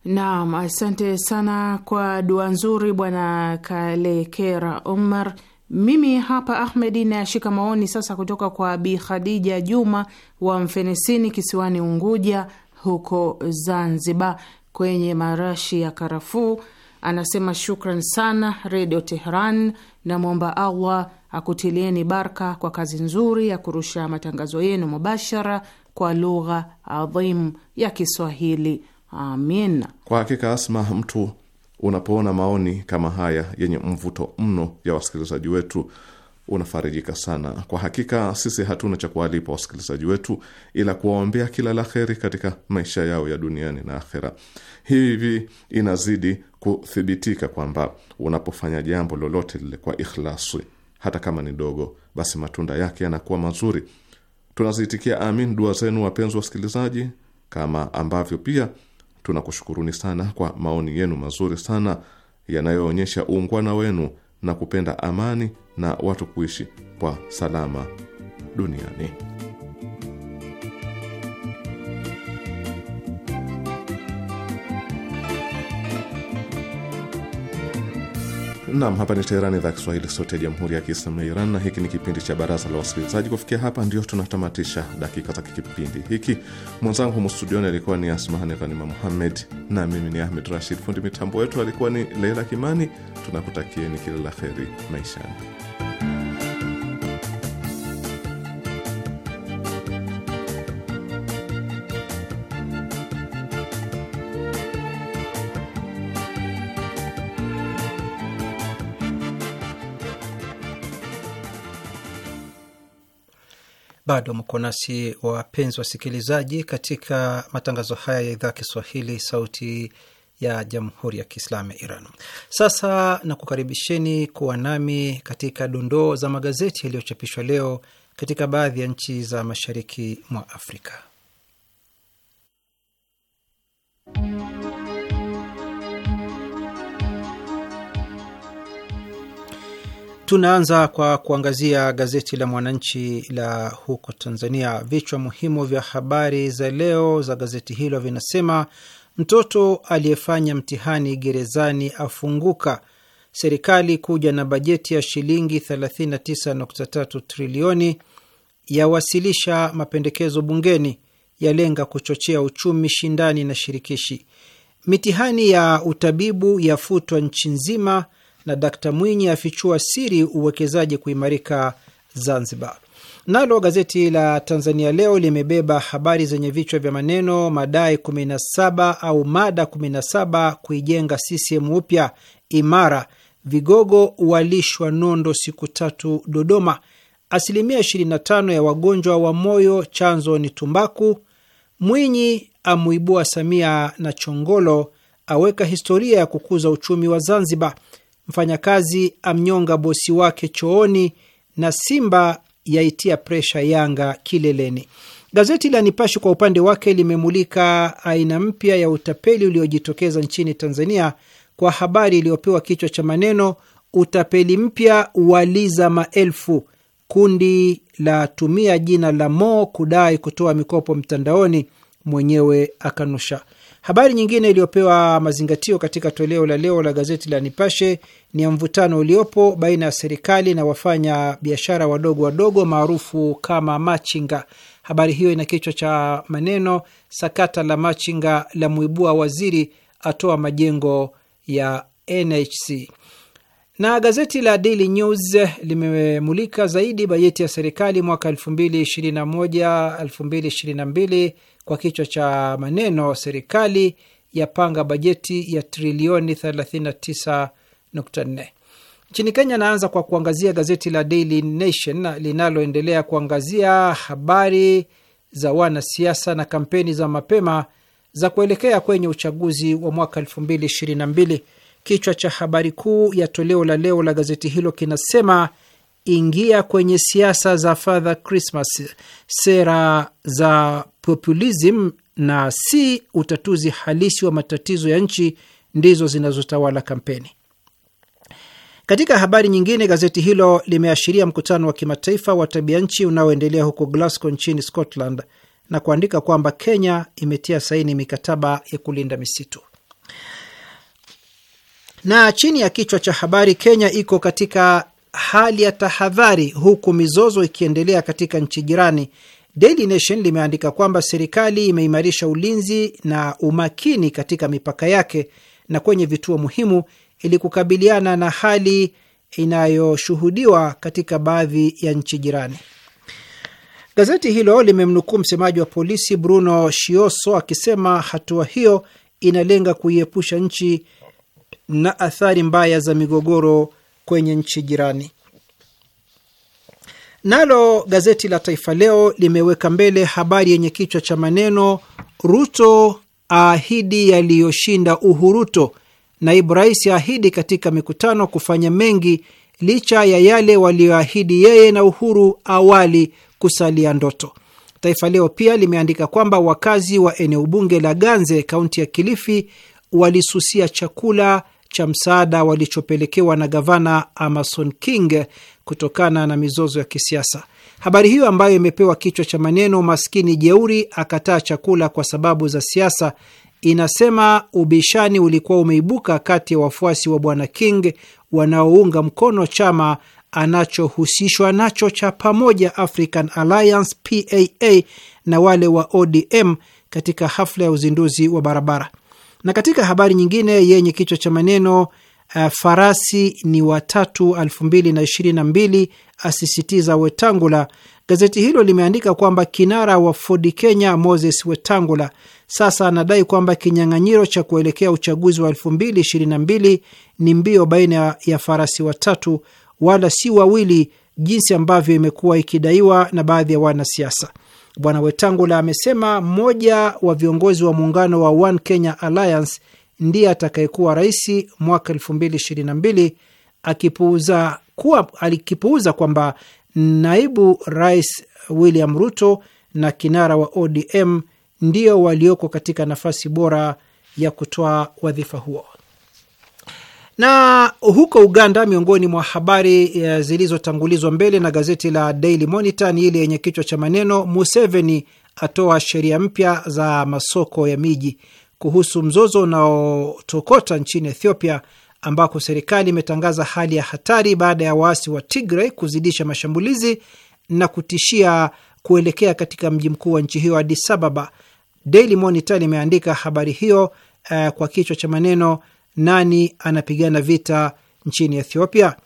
Naam, asante sana kwa dua nzuri bwana Kalekera Omar. Mimi hapa Ahmedi nayashika maoni sasa kutoka kwa Bi Khadija Juma wa Mfenesini kisiwani Unguja huko Zanzibar, kwenye marashi ya karafuu. Anasema shukran sana Redio Tehran, namwomba Allah akutilieni barka kwa kazi nzuri ya kurusha matangazo yenu mubashara kwa lugha adhimu ya Kiswahili. Amin. Kwa hakika, Asma, mtu unapoona maoni kama haya yenye mvuto mno ya wasikilizaji wetu unafarijika sana. Kwa hakika sisi hatuna cha kuwalipa wasikilizaji wetu ila kuwaombea kila la heri katika maisha yao ya duniani na akhera. Hivi inazidi kuthibitika kwamba unapofanya jambo lolote lile kwa ikhlasi, hata kama ni dogo, basi matunda yake yanakuwa mazuri. Tunaziitikia amin dua zenu, wapenzi wasikilizaji, kama ambavyo pia Tunakushukuruni sana kwa maoni yenu mazuri sana yanayoonyesha uungwana wenu na kupenda amani na watu kuishi kwa salama duniani. Nam, hapa ni Teherani, idhaa Kiswahili sote ya Jamhuri ya Kiislamu ya Iran, na hiki ni kipindi cha Baraza la Wasikilizaji. Kufikia hapa, ndio tunatamatisha dakika za kipindi hiki. Mwenzangu humu studioni alikuwa ni Asmahani Ghanima Muhammed na mimi ni Ahmed Rashid. Fundi mitambo wetu alikuwa ni Leila Kimani. Tunakutakieni kila la heri maishani. Bado mko nasi wapenzi wasikilizaji, katika matangazo haya ya idhaa Kiswahili sauti ya jamhuri ya Kiislamu ya Iran. Sasa nakukaribisheni kuwa nami katika dondoo za magazeti yaliyochapishwa leo katika baadhi ya nchi za mashariki mwa Afrika. Tunaanza kwa kuangazia gazeti la Mwananchi la huko Tanzania. Vichwa muhimu vya habari za leo za gazeti hilo vinasema: mtoto aliyefanya mtihani gerezani afunguka, serikali kuja na bajeti ya shilingi 39.3 trilioni, yawasilisha mapendekezo bungeni, yalenga kuchochea uchumi shindani na shirikishi, mitihani ya utabibu yafutwa nchi nzima na Dkt Mwinyi afichua siri uwekezaji kuimarika Zanzibar. Nalo gazeti la Tanzania Leo limebeba habari zenye vichwa vya maneno madai 17 au mada 17 kuijenga CCM upya imara, vigogo walishwa nondo siku tatu Dodoma, asilimia 25 ya wagonjwa wa moyo chanzo ni tumbaku, Mwinyi amuibua Samia na Chongolo aweka historia ya kukuza uchumi wa Zanzibar, mfanyakazi amnyonga bosi wake chooni, na Simba yaitia presha Yanga kileleni. Gazeti la nipashi kwa upande wake limemulika aina mpya ya utapeli uliojitokeza nchini Tanzania kwa habari iliyopewa kichwa cha maneno utapeli mpya waliza maelfu, kundi la tumia jina la Mo kudai kutoa mikopo mtandaoni, mwenyewe akanusha. Habari nyingine iliyopewa mazingatio katika toleo la leo la gazeti la Nipashe ni ya mvutano uliopo baina ya serikali na wafanya biashara wadogo wadogo maarufu kama machinga. Habari hiyo ina kichwa cha maneno, sakata la machinga la muibua waziri atoa majengo ya NHC. Na gazeti la Daily News limemulika zaidi bajeti ya serikali mwaka 2021 kwa kichwa cha maneno serikali yapanga bajeti ya trilioni 39.4. Nchini Kenya, anaanza kwa kuangazia gazeti la Daily Nation linaloendelea kuangazia habari za wanasiasa na kampeni za mapema za kuelekea kwenye uchaguzi wa mwaka 2022. Kichwa cha habari kuu ya toleo la leo la gazeti hilo kinasema ingia kwenye siasa za Father Christmas, sera za populism na si utatuzi halisi wa matatizo ya nchi ndizo zinazotawala kampeni. Katika habari nyingine, gazeti hilo limeashiria mkutano wa kimataifa wa tabia nchi unaoendelea huko Glasgow nchini Scotland na kuandika kwamba Kenya imetia saini mikataba ya kulinda misitu. Na chini ya kichwa cha habari, Kenya iko katika hali ya tahadhari huku mizozo ikiendelea katika nchi jirani, Daily Nation limeandika kwamba serikali imeimarisha ulinzi na umakini katika mipaka yake na kwenye vituo muhimu ili kukabiliana na hali inayoshuhudiwa katika baadhi ya nchi jirani. Gazeti hilo limemnukuu msemaji wa polisi Bruno Shioso akisema hatua hiyo inalenga kuiepusha nchi na athari mbaya za migogoro kwenye nchi jirani. Nalo gazeti la Taifa Leo limeweka mbele habari yenye kichwa cha maneno Ruto aahidi yaliyoshinda Uhuruto. Naibu rais aahidi katika mikutano kufanya mengi licha ya yale walioahidi yeye na Uhuru awali kusalia ndoto. Taifa Leo pia limeandika kwamba wakazi wa eneo bunge la Ganze, kaunti ya Kilifi, walisusia chakula cha msaada walichopelekewa na gavana Amason King kutokana na mizozo ya kisiasa. Habari hiyo ambayo imepewa kichwa cha maneno maskini jeuri akataa chakula kwa sababu za siasa, inasema ubishani ulikuwa umeibuka kati ya wafuasi wa bwana King wanaounga mkono chama anachohusishwa nacho cha Pamoja African Alliance PAA na wale wa ODM katika hafla ya uzinduzi wa barabara. Na katika habari nyingine yenye kichwa cha maneno uh, farasi ni watatu 2022 asisitiza Wetangula, gazeti hilo limeandika kwamba kinara wa Ford Kenya Moses Wetangula sasa anadai kwamba kinyang'anyiro cha kuelekea uchaguzi wa 2022 ni mbio baina ya farasi watatu wala si wawili jinsi ambavyo imekuwa ikidaiwa na baadhi ya wanasiasa. Bwana Wetangula amesema mmoja wa viongozi wa muungano wa One Kenya Alliance ndiye atakayekuwa rais mwaka 2022 akipuuza kuwa alikipuuza kwamba naibu rais William Ruto na kinara wa ODM ndio walioko katika nafasi bora ya kutoa wadhifa huo. Na huko Uganda, miongoni mwa habari eh, zilizotangulizwa mbele na gazeti la Daily Monitor ni ile yenye kichwa cha maneno Museveni atoa sheria mpya za masoko ya miji kuhusu mzozo unaotokota nchini Ethiopia ambako serikali imetangaza hali ya hatari baada ya waasi wa Tigray kuzidisha mashambulizi na kutishia kuelekea katika mji mkuu wa nchi hiyo Addis Ababa. Daily Monitor limeandika habari hiyo uh, kwa kichwa cha maneno nani anapigana vita nchini Ethiopia.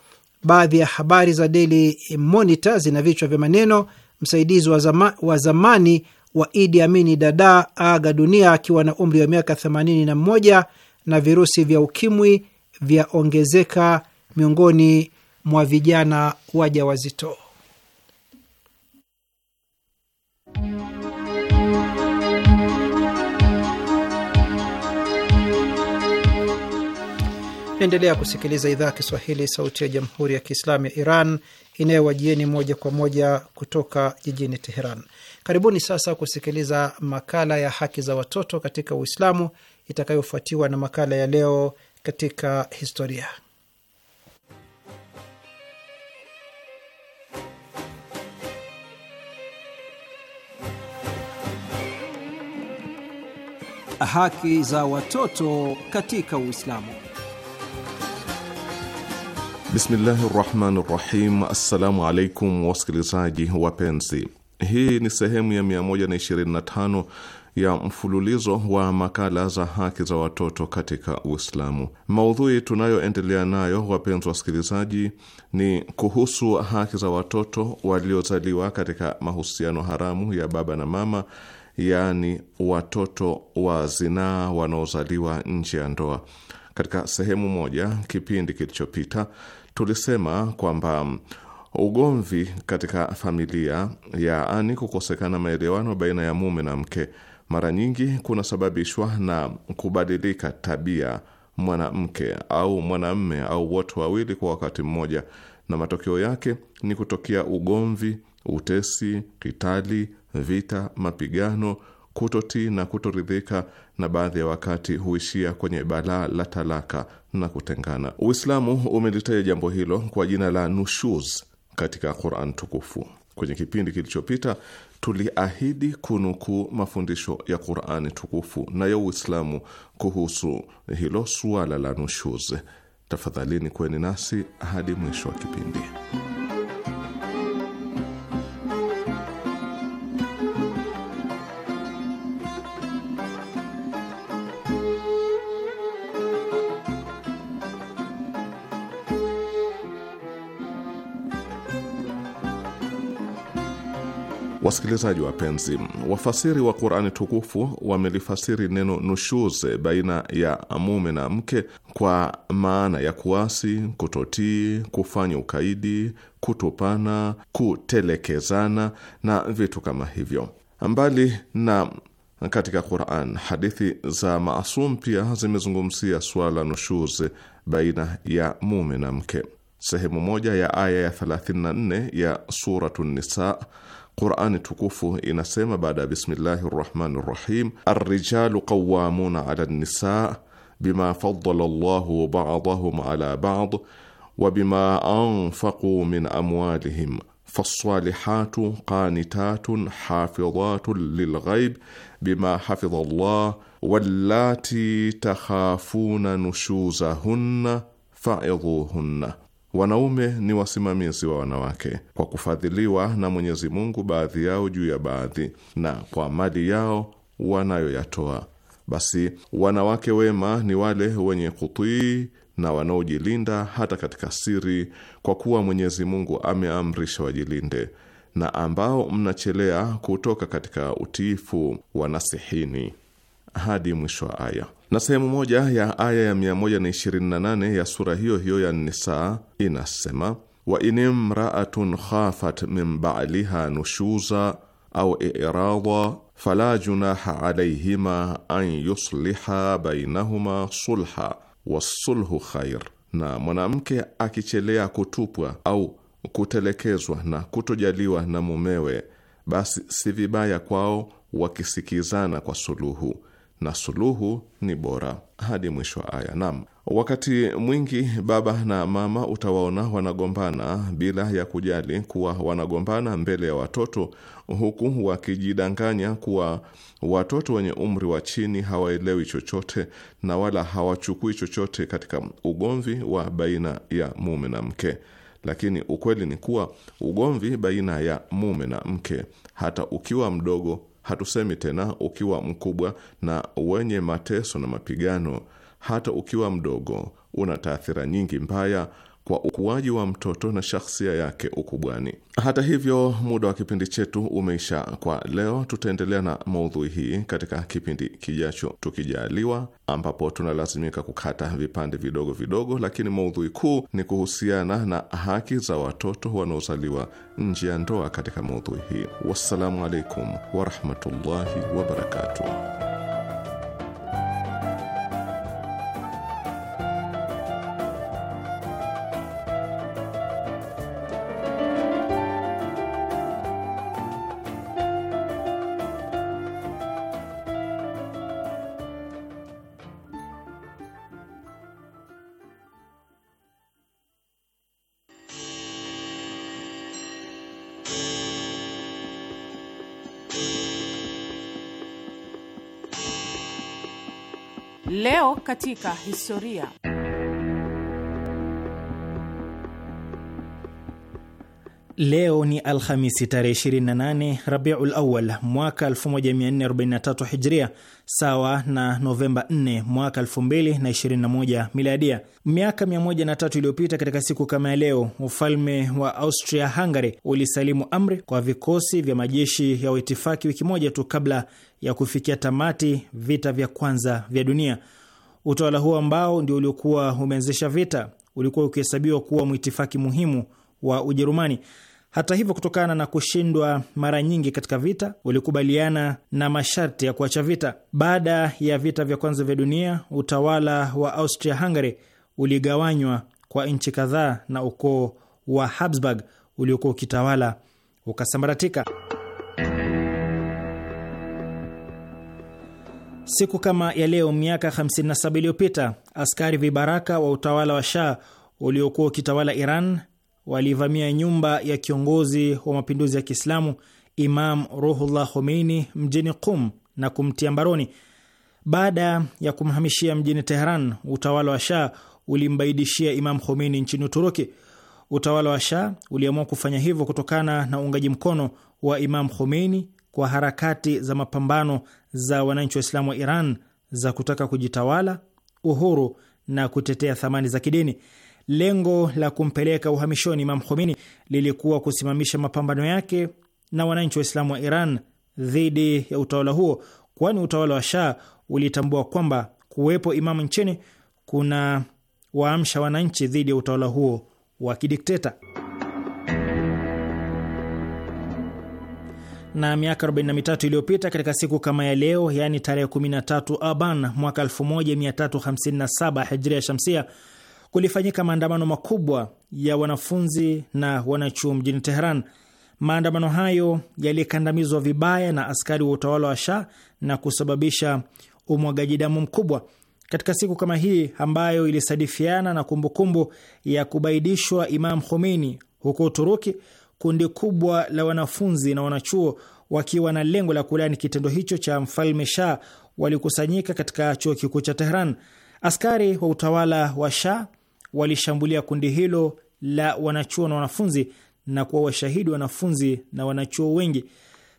Baadhi ya habari za Daily Monitor zina vichwa vya maneno: msaidizi wa, zama, wa zamani wa Idi Amini Dada aga dunia akiwa na umri wa miaka 81, na virusi vya ukimwi vyaongezeka miongoni mwa vijana wajawazito. Naendelea kusikiliza idhaa ya Kiswahili, sauti ya jamhuri ya kiislamu ya Iran inayowajieni moja kwa moja kutoka jijini Teheran. Karibuni sasa kusikiliza makala ya haki za watoto katika Uislamu itakayofuatiwa na makala ya leo katika historia. Haki za watoto katika Uislamu. Bismillahi rahmani rahim. Assalamu alaikum wasikilizaji wapenzi, hii ni sehemu ya 125 ya mfululizo wa makala za haki za watoto katika Uislamu. Maudhui tunayoendelea nayo, wapenzi wasikilizaji, ni kuhusu haki za watoto waliozaliwa katika mahusiano haramu ya baba na mama, yaani watoto wa zinaa wanaozaliwa nje ya ndoa. Katika sehemu moja kipindi kilichopita tulisema kwamba ugomvi katika familia, yaani kukosekana maelewano baina ya mume na mke, mara nyingi kunasababishwa na kubadilika tabia mwanamke au mwanamme au wote wawili kwa wakati mmoja, na matokeo yake ni kutokea ugomvi, utesi, kitali, vita, mapigano, kutotii na kutoridhika na baadhi ya wakati huishia kwenye balaa la talaka na kutengana. Uislamu umelitaja jambo hilo kwa jina la nushuz katika Quran tukufu. Kwenye kipindi kilichopita tuliahidi kunukuu mafundisho ya Qurani tukufu na ya Uislamu kuhusu hilo suala la nushuz. Tafadhalini kweni nasi hadi mwisho wa kipindi. Wasikilizaji wapenzi, wafasiri wa Qurani tukufu wamelifasiri neno nushuze baina ya mume na mke kwa maana ya kuasi, kutotii, kufanya ukaidi, kutupana, kutelekezana na vitu kama hivyo. Mbali na katika Quran, hadithi za Maasum pia zimezungumzia suala nushuze baina ya mume na mke. Sehemu moja ya aya ya 34 ya Suratu Nisa Qurani tukufu inasema baada ya bismillahi rahmani rahim, arrijalu qawamuna ala nisa bima fadala llahu badahum ala bad wa bima anfaqu min amwalihim fassalihatu qanitatun hafidhatun lilghaib bima hafidha llah wallati takhafuna nushuzahunna faidhuhunna Wanaume ni wasimamizi wa wanawake kwa kufadhiliwa na Mwenyezi Mungu baadhi yao juu ya baadhi, na kwa mali yao wanayoyatoa. Basi wanawake wema ni wale wenye kutii na wanaojilinda hata katika siri, kwa kuwa Mwenyezi Mungu ameamrisha wajilinde, na ambao mnachelea kutoka katika utiifu wa nasihini. Hadi mwisho wa aya na sehemu moja ya aya ya 128 ya sura hiyo hiyo ya Nisaa inasema wa inimraatun khafat min baliha nushuza au irada fala junaha alaihima an yusliha bainahuma sulha wassulhu khair, na mwanamke akichelea kutupwa au kutelekezwa na kutojaliwa na mumewe, basi si vibaya kwao wakisikizana kwa suluhu na suluhu ni bora hadi mwisho wa aya. Nam, wakati mwingi baba na mama utawaona wanagombana bila ya kujali kuwa wanagombana mbele ya watoto, huku wakijidanganya kuwa watoto wenye umri wa chini hawaelewi chochote na wala hawachukui chochote katika ugomvi wa baina ya mume na mke. Lakini ukweli ni kuwa ugomvi baina ya mume na mke, hata ukiwa mdogo Hatusemi tena ukiwa mkubwa na wenye mateso na mapigano, hata ukiwa mdogo una taathira nyingi mbaya kwa ukuaji wa mtoto na shakhsia yake ukubwani. Hata hivyo, muda wa kipindi chetu umeisha kwa leo. Tutaendelea na maudhui hii katika kipindi kijacho tukijaliwa, ambapo tunalazimika kukata vipande vidogo vidogo, lakini maudhui kuu ni kuhusiana na haki za watoto wanaozaliwa nje ya ndoa katika maudhui hii. Wassalamu alaikum warahmatullahi wabarakatuh. katika historia. Leo ni Alhamisi tarehe 28 Rabiul Awal mwaka 1443 Hijria, sawa na Novemba 4 mwaka 2021 Miladia. Miaka 103 iliyopita katika siku kama ya leo, ufalme wa Austria Hungary ulisalimu amri kwa vikosi vya majeshi ya waitifaki, wiki moja tu kabla ya kufikia tamati vita vya kwanza vya dunia. Utawala huo ambao ndio uliokuwa umeanzisha vita ulikuwa ukihesabiwa kuwa mwitifaki muhimu wa Ujerumani. Hata hivyo, kutokana na kushindwa mara nyingi katika vita, ulikubaliana na masharti ya kuacha vita. Baada ya vita vya kwanza vya dunia, utawala wa Austria Hungary uligawanywa kwa nchi kadhaa na ukoo wa Habsburg uliokuwa ukitawala ukasambaratika. Siku kama ya leo miaka 57 iliyopita askari vibaraka wa utawala wa Shah uliokuwa ukitawala Iran walivamia nyumba ya kiongozi wa mapinduzi ya Kiislamu Imam Ruhullah Khomeini mjini Qum na kumtia mbaroni. Baada ya kumhamishia mjini Tehran, utawala wa Shah ulimbaidishia Imam Khomeini nchini Uturuki. Utawala wa Shah uliamua kufanya hivyo kutokana na uungaji mkono wa Imam Khomeini kwa harakati za mapambano za wananchi wa islamu wa Iran za kutaka kujitawala, uhuru na kutetea thamani za kidini. Lengo la kumpeleka uhamishoni Imam Khomeini lilikuwa kusimamisha mapambano yake na wananchi wa islamu wa Iran dhidi ya utawala huo, kwani utawala wa Shah ulitambua kwamba kuwepo imamu nchini kuna waamsha wananchi dhidi ya utawala huo wa kidikteta na miaka 43 iliyopita katika siku kama ya leo, yaani tarehe 13 Aban mwaka 1357 hijria shamsia, kulifanyika maandamano makubwa ya wanafunzi na wanachuo mjini Teheran. Maandamano hayo yalikandamizwa vibaya na askari wa utawala wa Shah na kusababisha umwagaji damu mkubwa. Katika siku kama hii ambayo ilisadifiana na kumbukumbu ya kubaidishwa Imam Khomeini huko Uturuki, kundi kubwa la wanafunzi na wanachuo wakiwa na lengo la kulani kitendo hicho cha mfalme Shah walikusanyika katika chuo kikuu cha Tehran. Askari wa utawala wa Shah walishambulia kundi hilo la wanachuo na wanafunzi na kuwa washahidi wanafunzi na wanachuo wengi.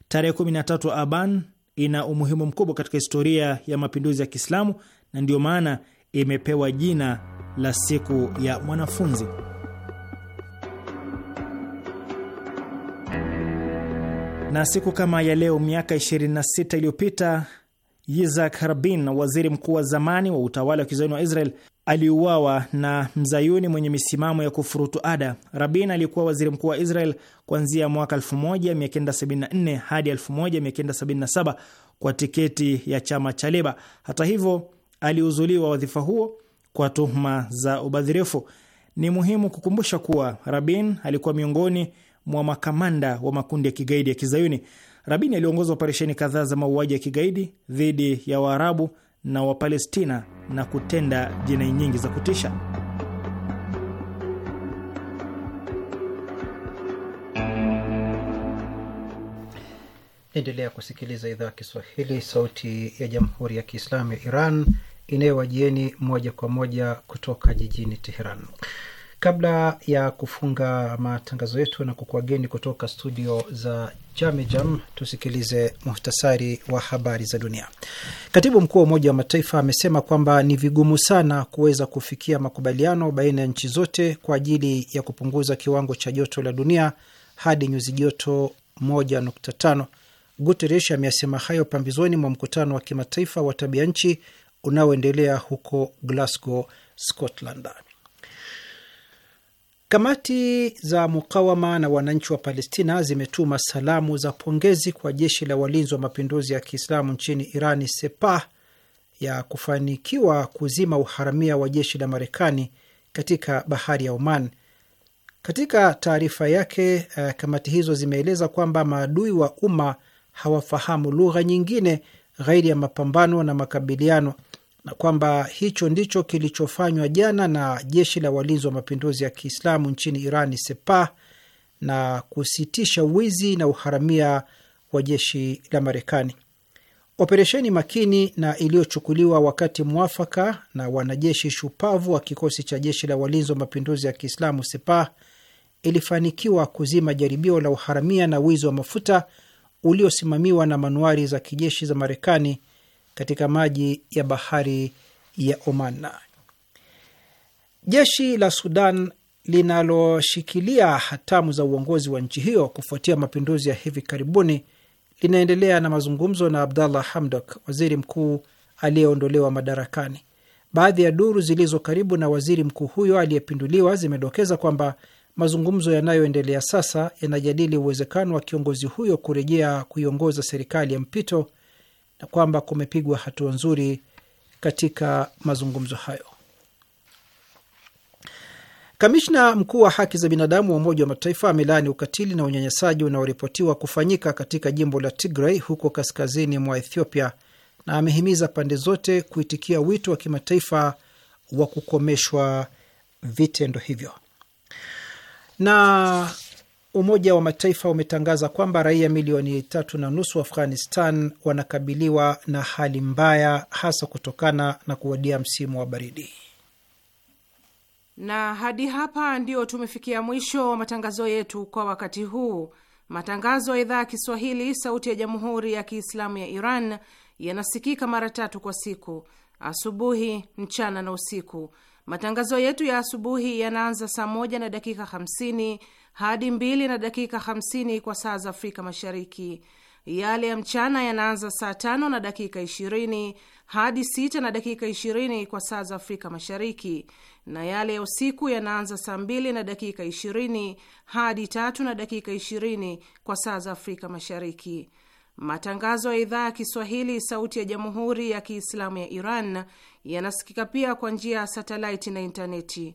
Tarehe 13 Aban ina umuhimu mkubwa katika historia ya mapinduzi ya Kiislamu na ndiyo maana imepewa jina la siku ya mwanafunzi. Na siku kama ya leo miaka 26 iliyopita Yitzhak Rabin, waziri mkuu wa zamani wa utawala wa kizayuni wa Israel, aliuawa na mzayuni mwenye misimamo ya kufurutu ada. Rabin alikuwa waziri mkuu wa Israel kuanzia mwaka 1974 hadi 1977 kwa tiketi ya chama cha Leba. Hata hivyo, aliuzuliwa wadhifa huo kwa tuhuma za ubadhirifu. Ni muhimu kukumbusha kuwa Rabin alikuwa miongoni mwa makamanda wa makundi ya kigaidi ya Kizayuni. Rabini aliongoza operesheni kadhaa za mauaji ya kigaidi dhidi ya Waarabu na Wapalestina na kutenda jinai nyingi za kutisha. Endelea kusikiliza idhaa ya Kiswahili, sauti ya jamhuri ya kiislamu ya Iran inayowajieni moja kwa moja kutoka jijini Teheran. Kabla ya kufunga matangazo yetu na kukuageni kutoka studio za Jamejam, tusikilize muhtasari wa habari za dunia. Katibu mkuu wa Umoja wa Mataifa amesema kwamba ni vigumu sana kuweza kufikia makubaliano baina ya nchi zote kwa ajili ya kupunguza kiwango cha joto la dunia hadi nyuzi joto 1.5. Guterres ameyasema hayo pambizoni mwa mkutano wa kimataifa wa tabia nchi unaoendelea huko Glasgow, Scotland. Kamati za mukawama na wananchi wa Palestina zimetuma salamu za pongezi kwa jeshi la walinzi wa mapinduzi ya Kiislamu nchini Irani, Sepah, ya kufanikiwa kuzima uharamia wa jeshi la Marekani katika bahari ya Oman. Katika taarifa yake, uh, kamati hizo zimeeleza kwamba maadui wa umma hawafahamu lugha nyingine ghairi ya mapambano na makabiliano na kwamba hicho ndicho kilichofanywa jana na jeshi la walinzi wa mapinduzi ya Kiislamu nchini Irani, Sepah, na kusitisha wizi na uharamia wa jeshi la Marekani. Operesheni makini na iliyochukuliwa wakati mwafaka na wanajeshi shupavu wa kikosi cha jeshi la walinzi wa mapinduzi ya Kiislamu Sepah ilifanikiwa kuzima jaribio la uharamia na wizi wa mafuta uliosimamiwa na manuari za kijeshi za Marekani katika maji ya bahari ya Oman. Jeshi la Sudan linaloshikilia hatamu za uongozi wa nchi hiyo kufuatia mapinduzi ya hivi karibuni linaendelea na mazungumzo na Abdallah Hamdok, waziri mkuu aliyeondolewa madarakani. Baadhi ya duru zilizo karibu na waziri mkuu huyo aliyepinduliwa zimedokeza kwamba mazungumzo yanayoendelea sasa yanajadili uwezekano wa kiongozi huyo kurejea kuiongoza serikali ya mpito na kwamba kumepigwa hatua nzuri katika mazungumzo hayo. Kamishna mkuu wa haki za binadamu wa Umoja wa Mataifa amelaani ukatili na unyanyasaji unaoripotiwa kufanyika katika jimbo la Tigray huko kaskazini mwa Ethiopia na amehimiza pande zote kuitikia wito wa kimataifa wa kukomeshwa vitendo hivyo. Na Umoja wa Mataifa umetangaza kwamba raia milioni tatu na nusu Afghanistan wanakabiliwa na hali mbaya, hasa kutokana na kuwadia msimu wa baridi. Na hadi hapa ndio tumefikia mwisho wa matangazo yetu kwa wakati huu. Matangazo ya idhaa ya Kiswahili, Sauti ya Jamhuri ya Kiislamu ya Iran yanasikika mara tatu kwa siku: asubuhi, mchana na usiku. Matangazo yetu ya asubuhi yanaanza saa moja na dakika hamsini hadi mbili na dakika hamsini kwa saa za Afrika Mashariki. Yale ya mchana yanaanza saa tano na dakika ishirini hadi sita na dakika ishirini kwa saa za Afrika Mashariki, na yale ya usiku yanaanza saa mbili na dakika ishirini hadi tatu na dakika ishirini kwa saa za Afrika Mashariki. Matangazo ya idhaa ya Kiswahili sauti ya Jamhuri ya Kiislamu ya Iran yanasikika pia kwa njia ya satelaiti na intaneti.